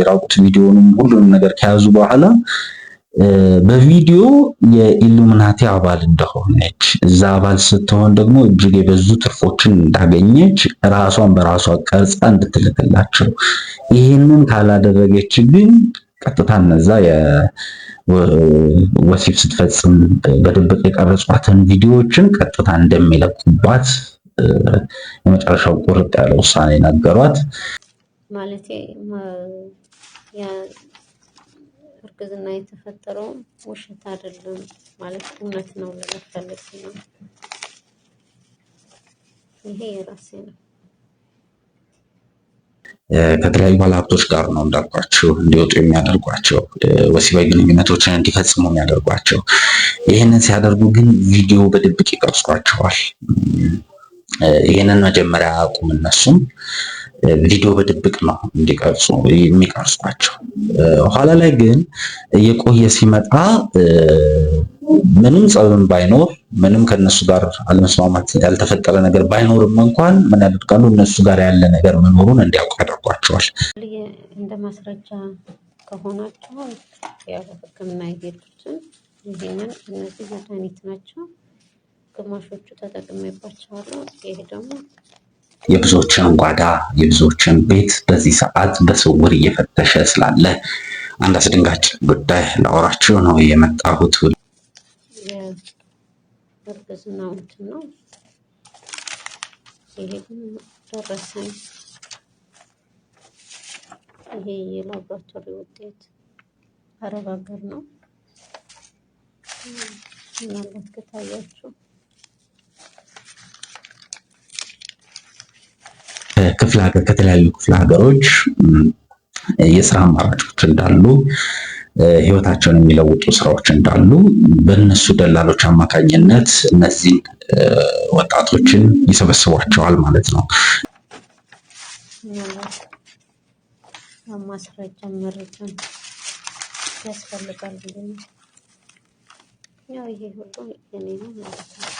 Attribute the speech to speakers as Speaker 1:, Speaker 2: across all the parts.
Speaker 1: የራቁት ቪዲዮንም ሁሉንም ነገር ከያዙ በኋላ በቪዲዮ የኢሉሚናቲ አባል እንደሆነች እዛ አባል ስትሆን ደግሞ እጅግ የበዙ ትርፎችን እንዳገኘች ራሷን በራሷ ቀርጻ እንድትልክላቸው። ይህንን ካላደረገች ግን ቀጥታ እነዛ ወሲብ ስትፈጽም በድብቅ የቀረጿትን ቪዲዮዎችን ቀጥታ እንደሚለቁባት የመጨረሻው ቁርጥ ያለ ውሳኔ ነገሯት። ማለቴ እርግዝና የተፈጠረውም ውሸት አይደለም ማለት እውነት ነው ልላት ነው። ይሄ የራሴ ነው። ከተለያዩ ባለሀብቶች ጋር ነው እንዳልኳቸው እንዲወጡ የሚያደርጓቸው ወሲባዊ ግንኙነቶችን እንዲፈጽሙ የሚያደርጓቸው። ይህንን ሲያደርጉ ግን ቪዲዮ በድብቅ ይቀርጿቸዋል። ይህንን መጀመሪያ አቁም። እነሱም ቪዲዮ በድብቅ ነው እንዲቀርጹ የሚቀርጿቸው። ኋላ ላይ ግን እየቆየ ሲመጣ ምንም ጸብም ባይኖር ምንም ከነሱ ጋር አለመስማማት ያልተፈጠረ ነገር ባይኖርም እንኳን ምን ያደርጋሉ? እነሱ ጋር ያለ ነገር መኖሩን እንዲያውቅ ያደርጓቸዋል። እንደ ማስረጃ ከሆናቸው ያው ሕክምና ይሄዱትን ይህንን እነዚህ መድኃኒት ናቸው ግማሾቹ ተጠቅሜባቸዋለሁ። ይሄ ደግሞ የብዙዎችን ጓዳ የብዙዎችን ቤት በዚህ ሰዓት በስውር እየፈተሸ ስላለ አንድ አስደንጋጭ ጉዳይ ላወራችሁ ነው የመጣሁት። እርግዝና እንትን ነው። ይሄ ደረሰን። ይሄ የላብራቶሪ ውጤት አረብ ሀገር ነው። ምናልባት ከታያችሁ ክፍለ ሀገር ከተለያዩ ክፍለ ሀገሮች የስራ አማራጮች እንዳሉ ህይወታቸውን የሚለውጡ ስራዎች እንዳሉ በነሱ ደላሎች አማካኝነት እነዚህን ወጣቶችን ይሰበስቧቸዋል ማለት ነው። ማስረጃ ያስፈልጋል ብዬ ነው። ያው ይሄ ሁሉ የኔ ነው ማለት ነው።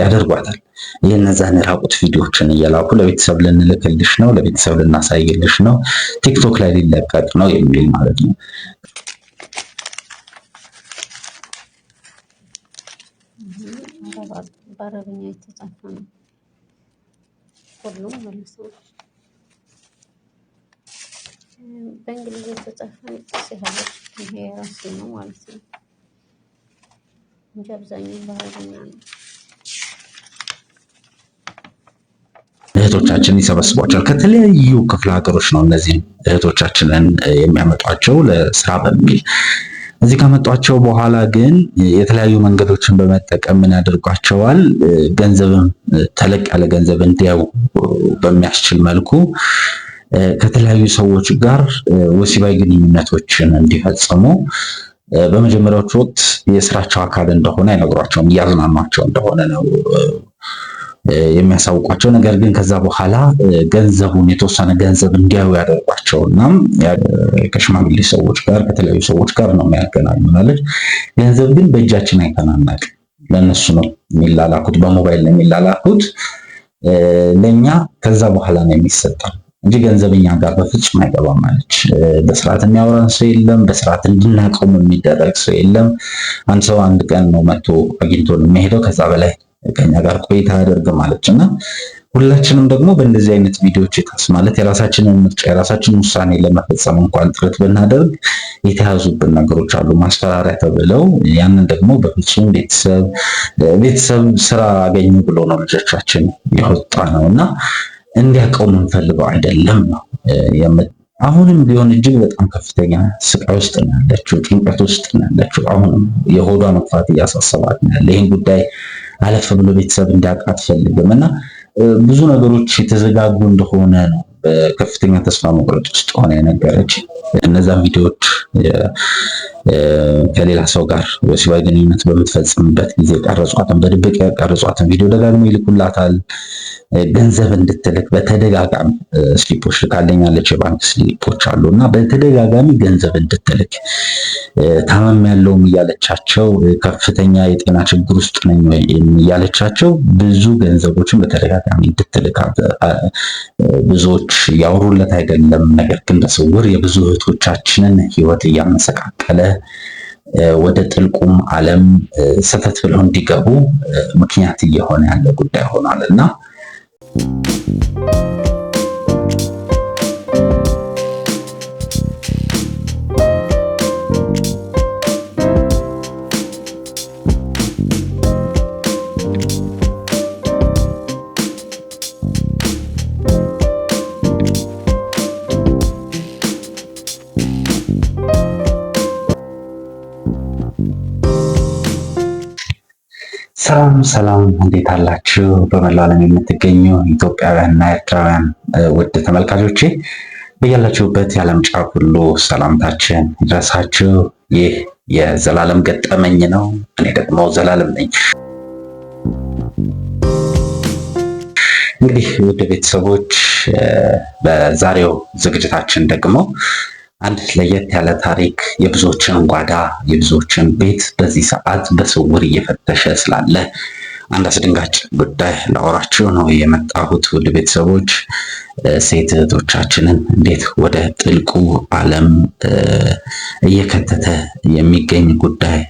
Speaker 1: ያደርጓታል። ይህ እነዛን የራቁት ቪዲዮዎችን እየላኩ ለቤተሰብ ልንልክልሽ ነው፣ ለቤተሰብ ልናሳይልሽ ነው፣ ቲክቶክ ላይ ሊለቀቅ ነው የሚል ማለት ነው። በአረብኛ የተጻፈ ነው ሁሉም በእንግሊዝ የተጻፈ ሲሆን ይሄ የራሴ ነው ማለት ነው እንጂ አብዛኛው በአረብኛ ነው። እህቶቻችንን ይሰበስቧቸዋል። ከተለያዩ ክፍለ ሀገሮች ነው እነዚህ እህቶቻችንን የሚያመጧቸው ለስራ በሚል እዚህ ከመጧቸው በኋላ ግን የተለያዩ መንገዶችን በመጠቀም ምን ያደርጓቸዋል? ገንዘብም ተለቅ ያለ ገንዘብ እንዲያው በሚያስችል መልኩ ከተለያዩ ሰዎች ጋር ወሲባዊ ግንኙነቶችን እንዲፈጽሙ በመጀመሪያዎቹ ወቅት የስራቸው አካል እንደሆነ አይነግሯቸውም፣ እያዝናኗቸው እንደሆነ ነው የሚያሳውቋቸው ነገር ግን ከዛ በኋላ ገንዘቡን የተወሰነ ገንዘብ እንዲያዩ ያደርጓቸው እና ከሽማግሌ ሰዎች ጋር ከተለያዩ ሰዎች ጋር ነው የሚያገናኙናለች። ገንዘብ ግን በእጃችን አይተናናቅ። ለእነሱ ነው የሚላላኩት፣ በሞባይል ነው የሚላላኩት። ለእኛ ከዛ በኋላ ነው የሚሰጠው እንጂ ገንዘብኛ ጋር በፍጹም አይገባም ማለች። በስርዓት የሚያወራን ሰው የለም። በስርዓት እንድናቀሙ የሚደረግ ሰው የለም። አንድ ሰው አንድ ቀን ነው መቶ አግኝቶ የሚሄደው ከዛ በላይ ከኛ ጋር ቆይታ አደርግ ማለች እና ሁላችንም ደግሞ በእንደዚህ አይነት ቪዲዮዎች የታስ ማለት የራሳችንን ምርጫ የራሳችንን ውሳኔ ለመፈጸም እንኳን ጥረት ብናደርግ የተያዙብን ነገሮች አሉ። ማስፈራሪያ ተብለው ያንን ደግሞ በፍጹም ቤተሰብ ቤተሰብ ስራ አገኙ ብሎ ነው ልጆቻችን የወጣ ነው እና እንዲያውቀው ምንፈልገው አይደለም ነው። አሁንም ቢሆን እጅግ በጣም ከፍተኛ ስቃይ ውስጥ ነው ያለችው፣ ጭንቀት ውስጥ ነው ያለችው። አሁንም የሆዷ መግፋት እያሳሰባት ነው ያለ ይህን ጉዳይ አለፍ ብሎ ቤተሰብ እንዲያውቅ አትፈልግም እና ብዙ ነገሮች የተዘጋጉ እንደሆነ ነው በከፍተኛ ተስፋ መቁረጥ ውስጥ ሆነ የነገረች እነዛን ቪዲዮዎች ከሌላ ሰው ጋር ወሲባዊ ግንኙነት በምትፈጽምበት ጊዜ ቀረጿትን በድብቅ ቀረጿትን ቪዲዮ ደጋግሞ ይልኩላታል። ገንዘብ እንድትልክ በተደጋጋሚ ስሊፖች ልካለኛለች። የባንክ ስሊፖች አሉ እና በተደጋጋሚ ገንዘብ እንድትልክ ታመም ያለውም እያለቻቸው ከፍተኛ የጤና ችግር ውስጥ ነኝ እያለቻቸው ብዙ ገንዘቦችን በተደጋጋሚ እንድትልክ ብዙዎች ያወሩለት አይደለም። ነገር ግን በስውር የብዙ እህቶቻችንን ሕይወት እያመሰቃቀለ ወደ ጥልቁም ዓለም ሰተት ብለው እንዲገቡ ምክንያት እየሆነ ያለ ጉዳይ ሆኗል እና ሰላም ሰላም፣ እንዴት አላችሁ? በመላው ዓለም የምትገኙ ኢትዮጵያውያንና ኤርትራውያን ውድ ተመልካቾቼ በያላችሁበት የዓለም ጫፍ ሁሉ ሰላምታችን ይድረሳችሁ። ይህ የዘላለም ገጠመኝ ነው። እኔ ደግሞ ዘላለም ነኝ። እንግዲህ ውድ ቤተሰቦች በዛሬው ዝግጅታችን ደግሞ አንድ ለየት ያለ ታሪክ የብዙዎችን ጓዳ የብዙዎችን ቤት በዚህ ሰዓት በስውር እየፈተሸ ስላለ አንድ አስደንጋጭ ጉዳይ ላወራችሁ ነው የመጣሁት። ውድ ቤተሰቦች ሴት እህቶቻችንን እንዴት ወደ ጥልቁ ዓለም እየከተተ የሚገኝ ጉዳይ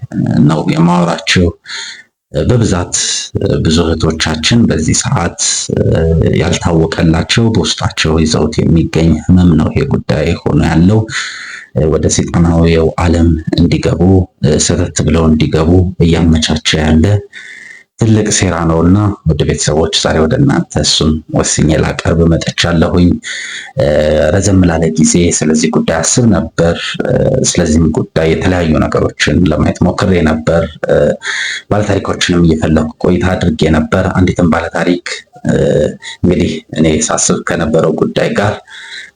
Speaker 1: ነው የማወራችሁ። በብዛት ብዙ እህቶቻችን በዚህ ሰዓት ያልታወቀላቸው በውስጣቸው ይዘውት የሚገኝ ህመም ነው ይሄ ጉዳይ ሆኖ ያለው። ወደ ሰይጣናዊው ዓለም እንዲገቡ ሰተት ብለው እንዲገቡ እያመቻቸ ያለ ትልቅ ሴራ እና ወደ ቤተሰቦች ዛሬ ወደ እናንተ እሱም ወስኜ ላቀርብ መጥቻለሁኝ። ረዘም ላለ ጊዜ ስለዚህ ጉዳይ አስብ ነበር። ስለዚህም ጉዳይ የተለያዩ ነገሮችን ለማየት ሞክሬ ነበር። ባለታሪኮችንም እየፈለኩ ቆይታ አድርጌ ነበር። አንዲትም ባለታሪክ እንግዲህ እኔ ሳስብ ከነበረው ጉዳይ ጋር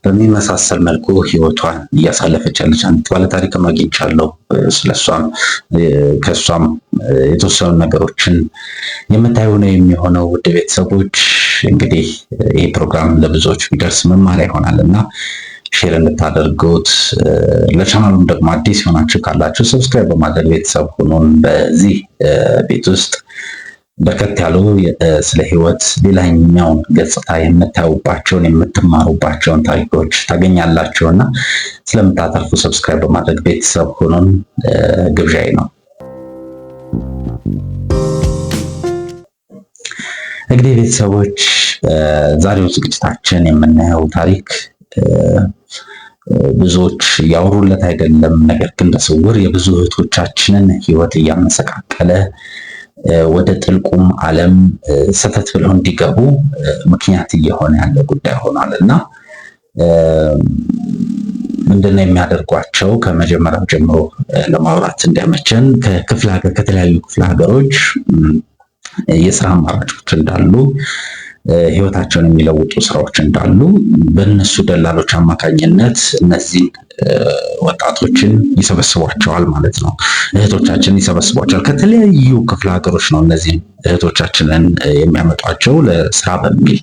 Speaker 1: በሚመሳሰል መልኩ ህይወቷን እያሳለፈች ያለች አንዲት ባለታሪክም አግኝቻለሁ። ስለሷም ከእሷም የተወሰኑ ነገሮችን የምታዩ ነው የሚሆነው። ውድ ቤተሰቦች እንግዲህ ይህ ፕሮግራም ለብዙዎች ቢደርስ መማሪያ ይሆናል እና ሼር እንድታደርጉት ለቻናሉም ደግሞ አዲስ የሆናችሁ ካላችሁ ሰብስክራይብ በማድረግ ቤተሰብ ሆኖን በዚህ ቤት ውስጥ በርከት ያሉ ስለ ህይወት ሌላኛውን ገጽታ የምታዩባቸውን የምትማሩባቸውን ታሪኮች ታገኛላችሁ እና ስለምታተርፉ ሰብስክራይብ በማድረግ ቤተሰብ ሆኖን ግብዣዬ ነው። እንግዲህ ቤተሰቦች ዛሬው ዝግጅታችን የምናየው ታሪክ ብዙዎች እያወሩለት አይደለም፣ ነገር ግን በስውር የብዙ እህቶቻችንን ህይወት እያመሰቃቀለ ወደ ጥልቁም ዓለም ሰተት ብለው እንዲገቡ ምክንያት እየሆነ ያለ ጉዳይ ሆኗል እና ምንድነው የሚያደርጓቸው? ከመጀመሪያው ጀምሮ ለማውራት እንዲያመቸን ከክፍለ ሀገር ከተለያዩ ክፍለ ሀገሮች የስራ አማራጮች እንዳሉ ህይወታቸውን የሚለውጡ ስራዎች እንዳሉ በእነሱ ደላሎች አማካኝነት እነዚህን ወጣቶችን ይሰበስቧቸዋል ማለት ነው። እህቶቻችንን ይሰበስቧቸዋል። ከተለያዩ ክፍለ ሀገሮች ነው እነዚህን እህቶቻችንን የሚያመጧቸው ለስራ በሚል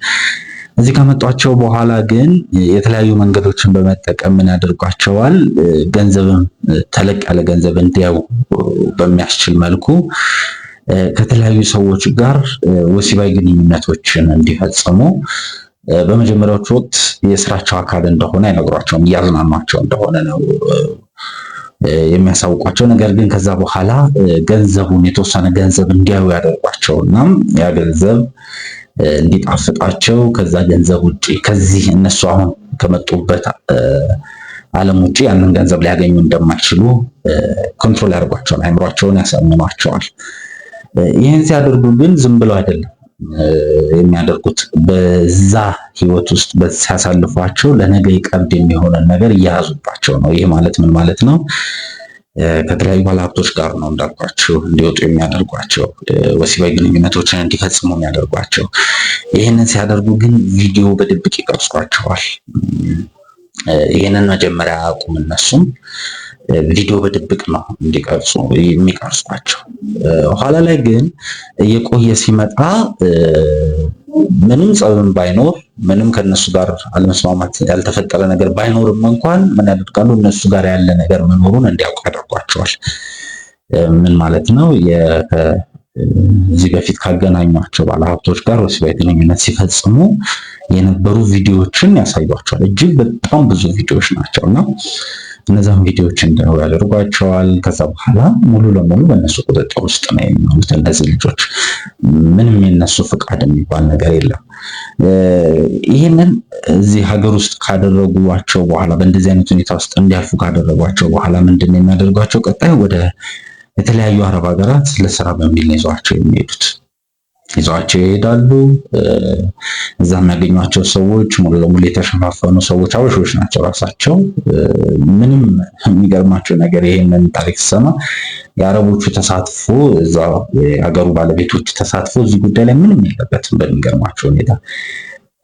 Speaker 1: እዚህ ከመጧቸው በኋላ ግን የተለያዩ መንገዶችን በመጠቀም ምን ያደርጓቸዋል? ገንዘብም ተለቅ ያለ ገንዘብ እንዲያው በሚያስችል መልኩ ከተለያዩ ሰዎች ጋር ወሲባዊ ግንኙነቶችን እንዲፈጽሙ በመጀመሪያዎቹ ወቅት የስራቸው አካል እንደሆነ አይነግሯቸውም። እያዝናኗቸው እንደሆነ ነው የሚያሳውቋቸው። ነገር ግን ከዛ በኋላ ገንዘቡን የተወሰነ ገንዘብ እንዲያዩ ያደርጓቸው እና ያ ገንዘብ እንዲጣፍጣቸው ከዛ ገንዘብ ውጭ ከዚህ እነሱ አሁን ከመጡበት ዓለም ውጭ ያንን ገንዘብ ሊያገኙ እንደማይችሉ ኮንትሮል ያደርጓቸዋል። አይምሯቸውን ያሳምኗቸዋል። ይህን ሲያደርጉ ግን ዝም ብለው አይደለም የሚያደርጉት በዛ ህይወት ውስጥ ሲያሳልፏቸው ለነገ ቀብድ የሚሆነ ነገር እየያዙባቸው ነው። ይህ ማለት ምን ማለት ነው? ከተለያዩ ባለሀብቶች ጋር ነው እንዳልኳቸው እንዲወጡ የሚያደርጓቸው፣ ወሲባዊ ግንኙነቶችን እንዲፈጽሙ የሚያደርጓቸው። ይህንን ሲያደርጉ ግን ቪዲዮ በድብቅ ይቀርጿቸዋል። ይህንን መጀመሪያ አያውቁም እነሱም ቪዲዮ በድብቅ ነው እንዲቀርጹ የሚቀርጿቸው። ኋላ ላይ ግን እየቆየ ሲመጣ ምንም ጸብም ባይኖር ምንም ከነሱ ጋር አለመስማማት ያልተፈጠረ ነገር ባይኖርም እንኳን ምን ያደርጋሉ? እነሱ ጋር ያለ ነገር መኖሩን እንዲያውቅ ያደርጓቸዋል። ምን ማለት ነው? እዚህ በፊት ካገናኟቸው ባለሀብቶች ጋር ወሲባዊ ግንኙነት ሲፈጽሙ የነበሩ ቪዲዮዎችን ያሳዩቸዋል። እጅግ በጣም ብዙ ቪዲዮዎች ናቸው እና እነዛም ቪዲዮዎች እንዲኖሩ ያደርጓቸዋል። ከዛ በኋላ ሙሉ ለሙሉ በእነሱ ቁጥጥር ውስጥ ነው የሚሆኑት እነዚህ ልጆች። ምንም የነሱ ፍቃድ የሚባል ነገር የለም። ይህንን እዚህ ሀገር ውስጥ ካደረጓቸው በኋላ በእንደዚህ አይነት ሁኔታ ውስጥ እንዲያልፉ ካደረጓቸው በኋላ ምንድን ነው የሚያደርጓቸው? ቀጣይ ወደ የተለያዩ አረብ ሀገራት ለስራ በሚል ይዟቸው የሚሄዱት ይዟቸው ይሄዳሉ። እዛ የሚያገኟቸው ሰዎች ሙሉ ለሙሉ የተሸፋፈኑ ሰዎች አበሾች ናቸው ራሳቸው። ምንም የሚገርማቸው ነገር ይሄንን ታሪክ ሰማ የአረቦቹ ተሳትፎ እዛ የሀገሩ ባለቤቶች ተሳትፎ እዚህ ጉዳይ ላይ ምንም የለበትም። በሚገርማቸው ሁኔታ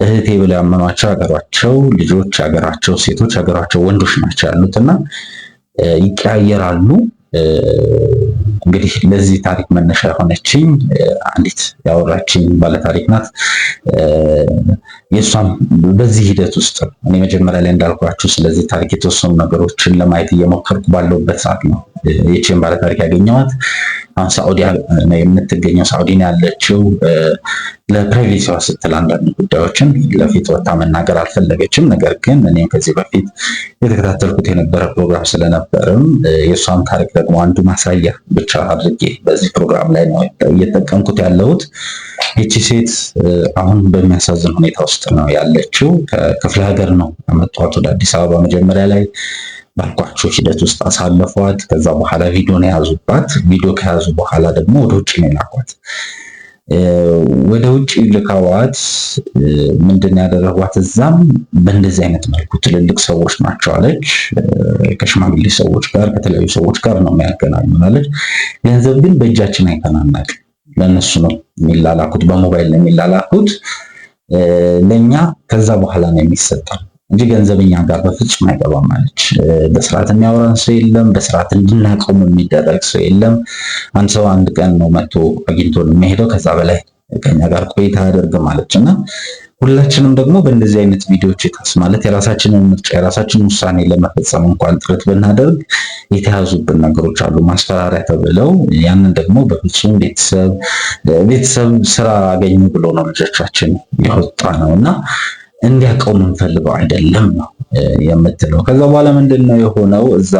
Speaker 1: እህቴ ብለው ያመኗቸው ሀገራቸው ልጆች፣ ሀገራቸው ሴቶች፣ ሀገራቸው ወንዶች ናቸው ያሉት እና ይቀያየራሉ። እንግዲህ ለዚህ ታሪክ መነሻ የሆነችኝ አንዲት ያወራችኝ ባለታሪክ ናት። የእሷም በዚህ ሂደት ውስጥ ነው። እኔ መጀመሪያ ላይ እንዳልኳችሁ ስለዚህ ታሪክ የተወሰኑ ነገሮችን ለማየት እየሞከርኩ ባለሁበት ሰዓት ነው ይህችን ባለታሪክ ያገኘዋት። አሁን ሳዑዲ የምትገኘው። ሳዑዲ ያለችው። ለፕራይቬሲዋ ስትል አንዳንድ ጉዳዮችን ለፊት ወታ መናገር አልፈለገችም። ነገር ግን እኔም ከዚህ በፊት የተከታተልኩት የነበረ ፕሮግራም ስለነበርም የእሷን ታሪክ ደግሞ አንዱ ማሳያ ብቻ አድርጌ በዚህ ፕሮግራም ላይ ነው እየጠቀምኩት ያለሁት። ይቺ ሴት አሁን በሚያሳዝን ሁኔታ ውስጥ ነው ያለችው። ከክፍለ ሀገር ነው ያመጧት ወደ አዲስ አበባ። መጀመሪያ ላይ ባልኳቸው ሂደት ውስጥ አሳለፏት። ከዛ በኋላ ነው የያዙባት። ቪዲዮ ከያዙ በኋላ ደግሞ ወደ ውጭ ነው የላኳት። ወደ ውጭ ልካዋት ምንድን ያደረጓት? እዛም በእንደዚህ አይነት መልኩ ትልልቅ ሰዎች ናቸው አለች። ከሽማግሌ ሰዎች ጋር ከተለያዩ ሰዎች ጋር ነው የሚያገናኙን አለች። ገንዘብ ግን በእጃችን አይተናናቅም ለእነሱ ነው የሚላላኩት፣ በሞባይል ነው የሚላላኩት። ለእኛ ከዛ በኋላ ነው የሚሰጠው እንጂ ገንዘብኛ ጋር በፍጹም አይገባም አለች። በስርዓት የሚያወራን ሰው የለም። በስርዓት እንድናቀሙ የሚደረግ ሰው የለም። አንድ ሰው አንድ ቀን ነው መቶ አግኝቶ የሚሄደው። ከዛ በላይ ከኛ ጋር ቆይታ ያደርግ ማለች እና ሁላችንም ደግሞ በእንደዚህ አይነት ቪዲዮዎች የተስ ማለት የራሳችንን ምርጫ የራሳችንን ውሳኔ ለመፈጸም እንኳን ጥረት ብናደርግ የተያዙብን ነገሮች አሉ፣ ማስፈራሪያ ተብለው። ያንን ደግሞ በፍጹም ቤተሰብ ቤተሰብ ስራ አገኙ ብሎ ነው ልጆቻችን ያወጣ ነው እና እንዲያውቀው የምንፈልገው አይደለም ነው የምትለው። ከዛ በኋላ ምንድን ነው የሆነው እዛ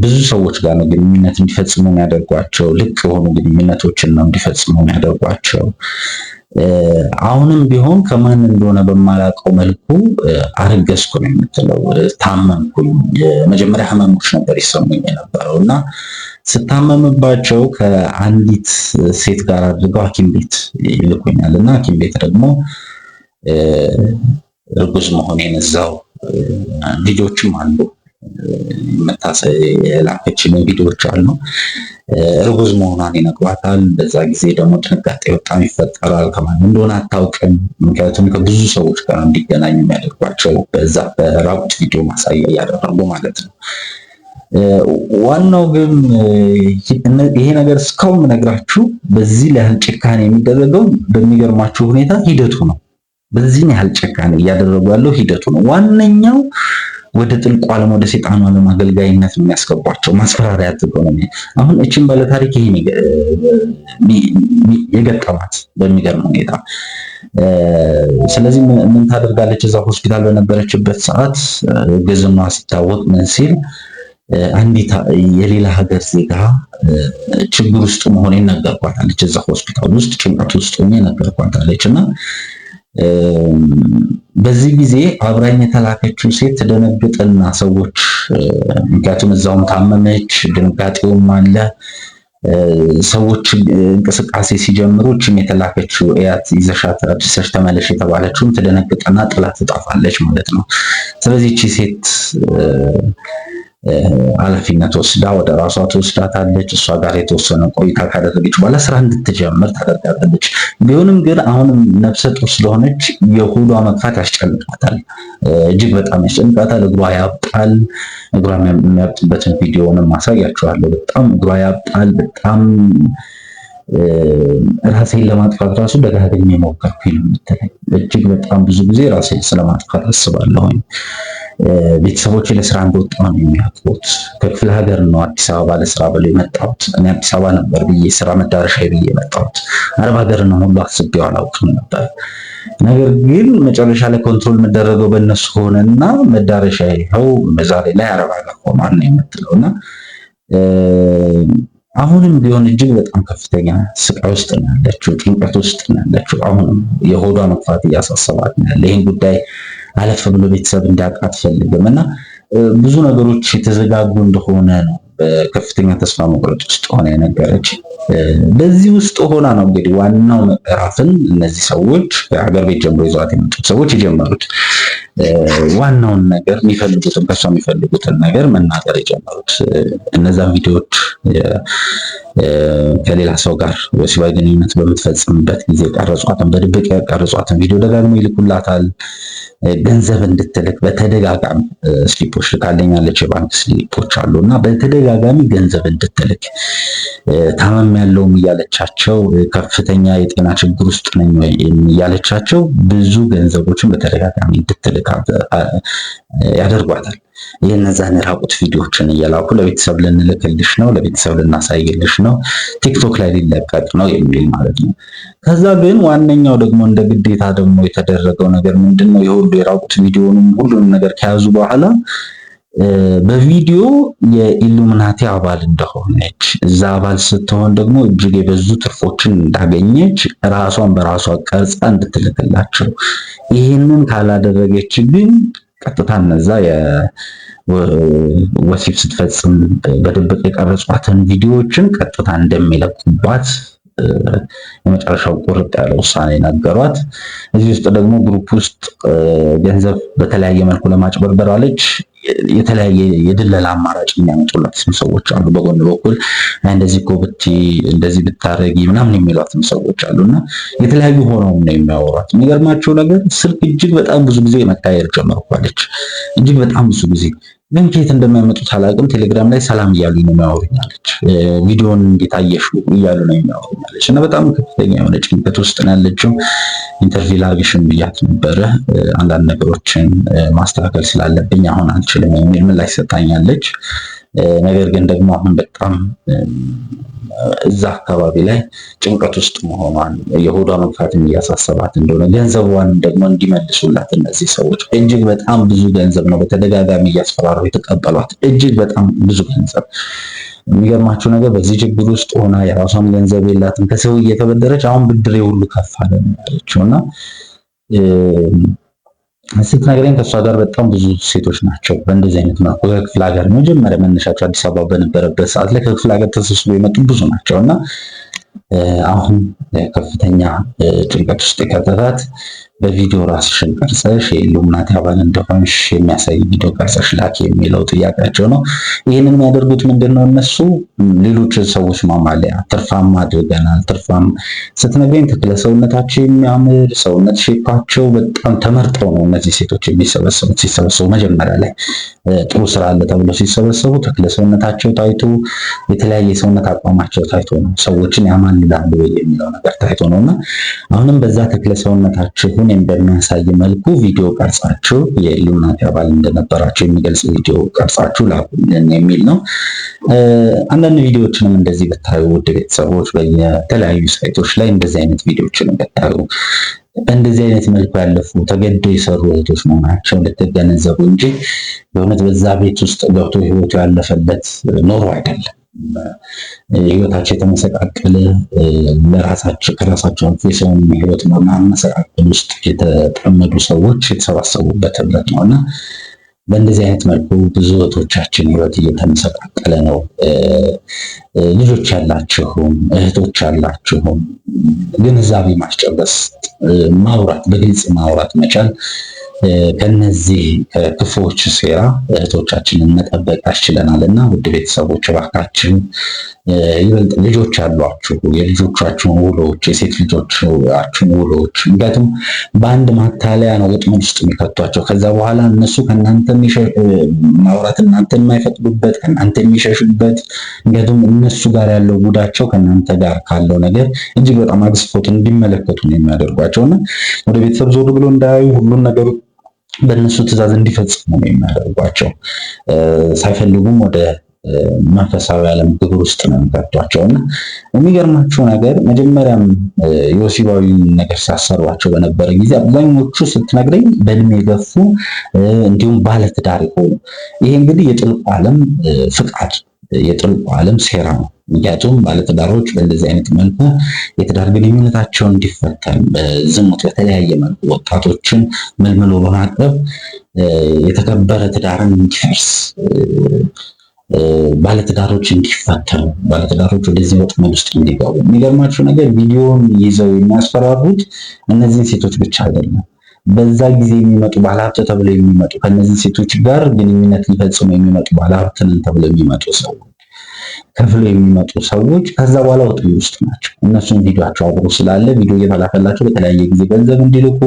Speaker 1: ብዙ ሰዎች ጋር ነው ግንኙነት እንዲፈጽሙ ያደርጓቸው። ልቅ የሆኑ ግንኙነቶችን ነው እንዲፈጽሙ ያደርጓቸው። አሁንም ቢሆን ከማን እንደሆነ በማላውቀው መልኩ አረገዝኩ ነው የምትለው። ታመምኩኝ። መጀመሪያ ህመሞች ነበር ይሰሙኝ የነበረው እና ስታመምባቸው ከአንዲት ሴት ጋር አድርገው ሐኪም ቤት ይልኩኛል እና ሐኪም ቤት ደግሞ እርጉዝ መሆኔን እዛው ልጆችም አሉ መታሰብ ቪዲዮዎች አሉ። እርጉዝ መሆኗን ይነግሯታል። በዛ ጊዜ ደግሞ ድንጋጤ በጣም ይፈጠራል። ከማን እንደሆነ አታውቅም። ምክንያቱም ከብዙ ሰዎች ጋር እንዲገናኙ የሚያደርጓቸው በዛ በራቁት ቪዲዮ ማሳያ እያደረጉ ማለት ነው። ዋናው ግን ይሄ ነገር እስካሁን በዚህ ያህል ጭካኔ የሚደረገው በሚገርማችሁ ሁኔታ ሂደቱ ነው። በዚህን ያህል ጭካኔ እያደረጉ ያለው ሂደቱ ነው ዋነኛው ወደ ጥልቁ ዓለም ወደ ሴጣኑ ዓለም አገልጋይነት ነው የሚያስገቧቸው። ማስፈራሪያ ነው። አሁን እችን ባለታሪክ ይሄን የገጠማት በሚገርም ሁኔታ ስለዚህ ምን ታደርጋለች? እዛ ሆስፒታል በነበረችበት ሰዓት ግዝማ ሲታወቅ ምን ሲል አንዲት የሌላ ሀገር ዜጋ ችግር ውስጥ መሆኔን ነገርኳታለች። እዛ ሆስፒታል ውስጥ ጭንቀት ውስጥ ሆኜ ነገርኳታለች እና በዚህ ጊዜ አብራኝ የተላከችው ሴት ትደነግጥና ሰዎች ምክንያቱም እዛውም ታመመች፣ ድንጋጤውም አለ። ሰዎች እንቅስቃሴ ሲጀምሩ እችም የተላከችው እያት ይዘሻት አድሰሽ ተመለሽ የተባለችውም ትደነግጥና ጥላት ትጠፋለች ማለት ነው። ስለዚህ እቺ ሴት ኃላፊነት ወስዳ ወደ ራሷ ትወስዳታለች። እሷ ጋር የተወሰነ ቆይታ ካደረገች በኋላ ስራ እንድትጀምር ታደርጋታለች። ቢሆንም ግን አሁንም ነፍሰ ጡር ስለሆነች የሁሏ መግፋት ያስጨንቃታል፣ እጅግ በጣም ያስጨንቃታል። እግሯ ያብጣል። እግሯ የሚያብጥበትን ቪዲዮንም ማሳያችኋለሁ። በጣም እግሯ ያብጣል። በጣም ራሴን ለማጥፋት ራሱ ደጋግሜ ሞከርኩኝ። እጅግ በጣም ብዙ ጊዜ ራሴን ስለማጥፋት አስባለሁኝ። ቤተሰቦች ለስራ እንደወጣ ነው የሚያውቁት። ከክፍለ ሀገር ነው አዲስ አበባ ለስራ ብሎ የመጣሁት። እኔ አዲስ አበባ ነበር ብዬ ስራ መዳረሻ ብዬ የመጣሁት። አረብ ሀገር ነው ሁሉ አስቤው አላውቅም ነበር። ነገር ግን መጨረሻ ላይ ኮንትሮል መደረገው በእነሱ ሆነ እና መዳረሻ ይኸው ዛሬ ላይ አረብ ሀገር ሆኗል ነው የምትለው እና አሁንም ቢሆን እጅግ በጣም ከፍተኛ ስቃይ ውስጥ ነው ያለችው፣ ጭንቀት ውስጥ ነው ያለችው። አሁንም የሆዷ መግፋት እያሳሰባት ነው ያለ ይህን ጉዳይ አለፍ ብሎ ቤተሰብ እንዲያውቅ አትፈልግም እና ብዙ ነገሮች የተዘጋጉ እንደሆነ ነው በከፍተኛ ተስፋ መቁረጥ ውስጥ ሆነ የነገረች። በዚህ ውስጥ ሆና ነው እንግዲህ ዋናው ምዕራፍን እነዚህ ሰዎች ከሀገር ቤት ጀምሮ ይዘዋት የመጡት ሰዎች የጀመሩት ዋናውን ነገር የሚፈልጉትን ከሷ የሚፈልጉትን ነገር መናገር የጀመሩት እነዛን ቪዲዮዎች ከሌላ ሰው ጋር ወሲባዊ ግንኙነት በምትፈጽምበት ጊዜ ቀረጿትን በድብቅ ቀረጿትን ቪዲዮ ደጋግሞ ይልኩላታል። ገንዘብ እንድትልክ በተደጋጋሚ ስሊፖች ልካለኛለች። የባንክ ስሊፖች አሉ እና በተደጋጋሚ ገንዘብ እንድትልክ ታመም ያለውም እያለቻቸው ከፍተኛ የጤና ችግር ውስጥ ነኝ እያለቻቸው ብዙ ገንዘቦችን በተደጋጋሚ እንድትልክ ያደርጓታል። የነዛን የራቁት ቪዲዮዎችን እየላኩ ለቤተሰብ ልንልክልሽ ነው፣ ለቤተሰብ ልናሳይልሽ ነው፣ ቲክቶክ ላይ ሊለቀቅ ነው የሚል ማለት ነው። ከዛ ግን ዋነኛው ደግሞ እንደ ግዴታ ደግሞ የተደረገው ነገር ምንድን ነው? የሁሉ የራቁት ቪዲዮንም ሁሉንም ነገር ከያዙ በኋላ በቪዲዮ የኢሉሚናቲ አባል እንደሆነች እዛ አባል ስትሆን ደግሞ እጅግ የበዙ ትርፎችን እንዳገኘች ራሷን በራሷ ቀርጻ እንድትልክላቸው። ይህንን ካላደረገች ግን ቀጥታ እነዛ ወሲብ ስትፈጽም በድብቅ የቀረጿትን ቪዲዮዎችን ቀጥታ እንደሚለቁባት የመጨረሻው ቁርጥ ያለ ውሳኔ ነገሯት። እዚህ ውስጥ ደግሞ ግሩፕ ውስጥ ገንዘብ በተለያየ መልኩ ለማጭበርበር አለች። የተለያየ የድለል አማራጭ የሚያመጡላትም ሰዎች አሉ። በጎን በኩል እንደዚህ እኮ ብቲ እንደዚህ ብታረጊ ምናምን የሚሏትም ሰዎች አሉ እና የተለያዩ ሆነውም ነው የሚያወሯት። የሚገርማቸው ነገር ስልክ እጅግ በጣም ብዙ ጊዜ መታየት ጀመርኳለች። እጅግ በጣም ብዙ ጊዜ ግን ከየት እንደማይመጡት አላውቅም። ቴሌግራም ላይ ሰላም እያሉ ነው የሚያወሩኛለች። ቪዲዮን እንዴት እያሉ ነው የሚያወሩኛለች። እና በጣም ከፍተኛ የሆነ ጭንቀት ውስጥ ነው ያለችው። ኢንተርቪው ላግሽን ብያት ነበረ። አንዳንድ ነገሮችን ማስተካከል ስላለብኝ አሁን አልችልም የሚል ምላሽ ሰጣኛለች። ነገር ግን ደግሞ አሁን በጣም እዛ አካባቢ ላይ ጭንቀት ውስጥ መሆኗን የሆዷ መግፋትን እያሳሰባት እንደሆነ ገንዘቧን ደግሞ እንዲመልሱላት እነዚህ ሰዎች እጅግ በጣም ብዙ ገንዘብ ነው በተደጋጋሚ እያስፈራሩ የተቀበሏት። እጅግ በጣም ብዙ ገንዘብ። የሚገርማችሁ ነገር በዚህ ችግር ውስጥ ሆና የራሷም ገንዘብ የላትም ከሰው እየተበደረች አሁን ብድሬ ሁሉ ከፍ አለ ያለችው እና ስትነግረኝ ከእሷ ጋር በጣም ብዙ ሴቶች ናቸው በእንደዚህ አይነት መልኩ ከክፍለ ሀገር መጀመሪያ መነሻቸው አዲስ አበባ በነበረበት ሰዓት ላይ ከክፍለ ሀገር ተሰብስበው የመጡ ብዙ ናቸው እና አሁን ከፍተኛ ጭንቀት ውስጥ የከተታት በቪዲዮ ራስሽን ቀርጸሽ የኢሉሚናቲ አባል እንደሆንሽ የሚያሳይ ቪዲዮ ቀርጸሽ ላኪ የሚለው ጥያቄያቸው ነው። ይህን የሚያደርጉት ምንድን ነው? እነሱ ሌሎች ሰዎች ማማለያ ትርፋም አድርገናል፣ ትርፋም ስትነግረኝ ተክለ ሰውነታቸው የሚያምር ሰውነት ሼፓቸው በጣም ተመርጠው ነው እነዚህ ሴቶች የሚሰበሰቡት። ሲሰበሰቡ መጀመሪያ ላይ ጥሩ ስራ አለ ተብሎ ሲሰበሰቡ ተክለ ሰውነታቸው ታይቶ የተለያየ ሰውነት አቋማቸው ታይቶ ነው ሰዎችን አማን ይላሉ የሚለው ነገር ታይቶ ነው እና አሁንም በዛ ተክለ ሰውነታችሁን እንደሚያሳይ መልኩ ቪዲዮ ቀርጻችሁ የኢሉሚናቲ አባል እንደነበራችሁ የሚገልጽ ቪዲዮ ቀርጻችሁ ላኩልን የሚል ነው። አንዳንድ ቪዲዮዎችንም እንደዚህ ብታዩ ውድ ቤተሰቦች በየተለያዩ ሳይቶች ላይ እንደዚህ አይነት ቪዲዮዎችን ብታዩ በእንደዚህ አይነት መልኩ ያለፉ ተገዶ የሰሩ እህቶች መሆናቸው እንድትገነዘቡ እንጂ በእውነት በዛ ቤት ውስጥ ገብቶ ህይወቱ ያለፈለት ኖሮ አይደለም። ህይወታቸው የተመሰቃቀለ ከራሳቸው አልፎ የሰውን ህይወት ማመሰቃቀል ውስጥ የተጠመዱ ሰዎች የተሰባሰቡበት ህብረት ነው እና በእንደዚህ አይነት መልኩ ብዙ እህቶቻችን ህይወት እየተመሰቃቀለ ነው። ልጆች ያላችሁም እህቶች ያላችሁም ግንዛቤ ማስጨበስ፣ ማውራት፣ በግልጽ ማውራት መቻል ከነዚህ ክፉዎች ሴራ እህቶቻችንን መጠበቅ ያስችለናል እና ውድ ቤተሰቦች እባካችን ይበልጥ ልጆች ያሏችሁ የልጆቻችሁን ውሎች የሴት ልጆቻችሁን ውሎች ምክንያቱም በአንድ ማታለያ ነው ወጥመድ ውስጥ የሚከቷቸው። ከዛ በኋላ እነሱ ከእናንተ ማውራት እናንተ የማይፈቅዱበት ከእናንተ የሚሸሹበት፣ ምክንያቱም እነሱ ጋር ያለው ጉዳቸው ከእናንተ ጋር ካለው ነገር እጅግ በጣም አግዝፎት እንዲመለከቱ ነው የሚያደርጓቸው እና ወደ ቤተሰብ ዞር ብሎ እንዳያዩ ሁሉን ነገሩ በእነሱ ትእዛዝ እንዲፈጽሙ ነው የሚያደርጓቸው። ሳይፈልጉም ወደ መንፈሳዊ ዓለም ግብር ውስጥ ነው የሚከቷቸው። እና የሚገርማችሁ ነገር መጀመሪያም የወሲባዊ ነገር ሳሰሯቸው በነበረ ጊዜ አብዛኞቹ ስትነግረኝ በእድሜ የገፉ እንዲሁም ባለትዳር የሆኑ ይሄ እንግዲህ የጥልቁ ዓለም ፍቃድ የጥልቁ ዓለም ሴራ ነው። ምክንያቱም ባለትዳሮች በእንደዚህ አይነት መልኩ የትዳር ግንኙነታቸውን እንዲፈተን በዝሙት በተለያየ መልኩ ወጣቶችን መልምሎ በማቅረብ የተከበረ ትዳርን እንዲፈርስ ባለትዳሮች እንዲፈተኑ ባለትዳሮች ወደዚህ ወጥመድ ውስጥ እንዲገቡ። የሚገርማቸው ነገር ቪዲዮን ይዘው የሚያስፈራሩት እነዚህን ሴቶች ብቻ አይደለም። በዛ ጊዜ የሚመጡ ባለሀብት ተብሎ የሚመጡ ከነዚህ ሴቶች ጋር ግንኙነት ሊፈጽሙ የሚመጡ ባለሀብት ነን ተብሎ የሚመጡ ሰዎች ከፍሎ የሚመጡ ሰዎች ከዛ በኋላ ውጥ ውስጥ ናቸው። እነሱም ቪዲዮቸው አብሮ ስላለ ቪዲዮ እየተላከላቸው በተለያየ ጊዜ ገንዘብ እንዲልኩ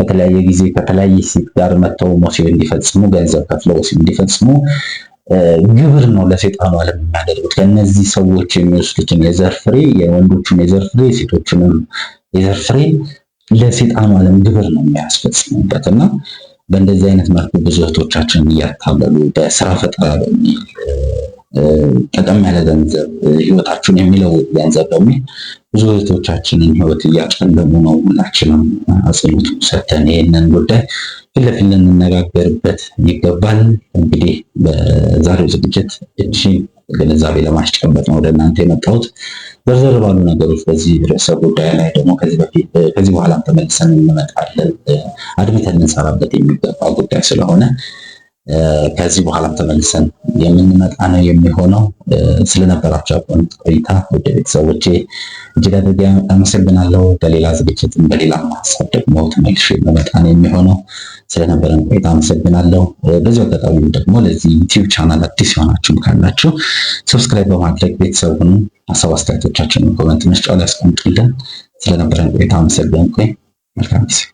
Speaker 1: በተለያየ ጊዜ ከተለያየ ሴት ጋር መተው ወሲብ እንዲፈጽሙ ገንዘብ ከፍለው ወሲብ እንዲፈጽሙ ግብር ነው ለሴጣኑ ዓለም የሚያደርጉት። ከእነዚህ ሰዎች የሚወስዱትን የዘር ፍሬ የወንዶቹን የዘር ፍሬ የሴቶቹንም የዘር ፍሬ ለሴጣኑ ዓለም ግብር ነው የሚያስፈጽሙበት እና በእንደዚህ አይነት መልኩ ብዙ እህቶቻችንን እያታለሉ በስራ ፈጠራ በሚል ጠቀም ያለ ገንዘብ ህይወታችሁን የሚለውጥ ገንዘብ በሚል ብዙ እህቶቻችንን ህይወት እያጨለሙ ነው። ሁላችንም አጽንኦት ሰጥተን ይህንን ጉዳይ ፊት ለፊት ልንነጋገርበት ይገባል። እንግዲህ በዛሬው ዝግጅት እጅ ግንዛቤ ለማስጨበጥ ነው ወደ እናንተ የመጣሁት። ዘርዘር ባሉ ነገሮች በዚህ ርዕሰ ጉዳይ ላይ ደግሞ ከዚህ በኋላም ተመልሰን እንመጣለን። አድምተን ልንሰራበት የሚገባ ጉዳይ ስለሆነ ከዚህ በኋላም ተመልሰን የምንመጣ ነው የሚሆነው። ስለነበራቸው አቆን ቆይታ ወደ ቤተሰቦቼ እጅግ አድርጌ አመሰግናለሁ። በሌላ ዝግጅትም በሌላ ሀሳብ ደግሞ ተመልሼ የምመጣ ነው የሚሆነው። ስለነበረን ቆይታ አመሰግናለሁ። በዚህ አጋጣሚ ደግሞ ለዚህ ዩቲዩብ ቻናል አዲስ የሆናችሁም ካላችሁ ሰብስክራይብ በማድረግ ቤተሰቡን ሀሳብ አስተያየቶቻችንን ኮመንት መስጫው ላይ ያስቀምጡልን። ስለነበረን ቆይታ አመሰግን። መልካም ጊዜ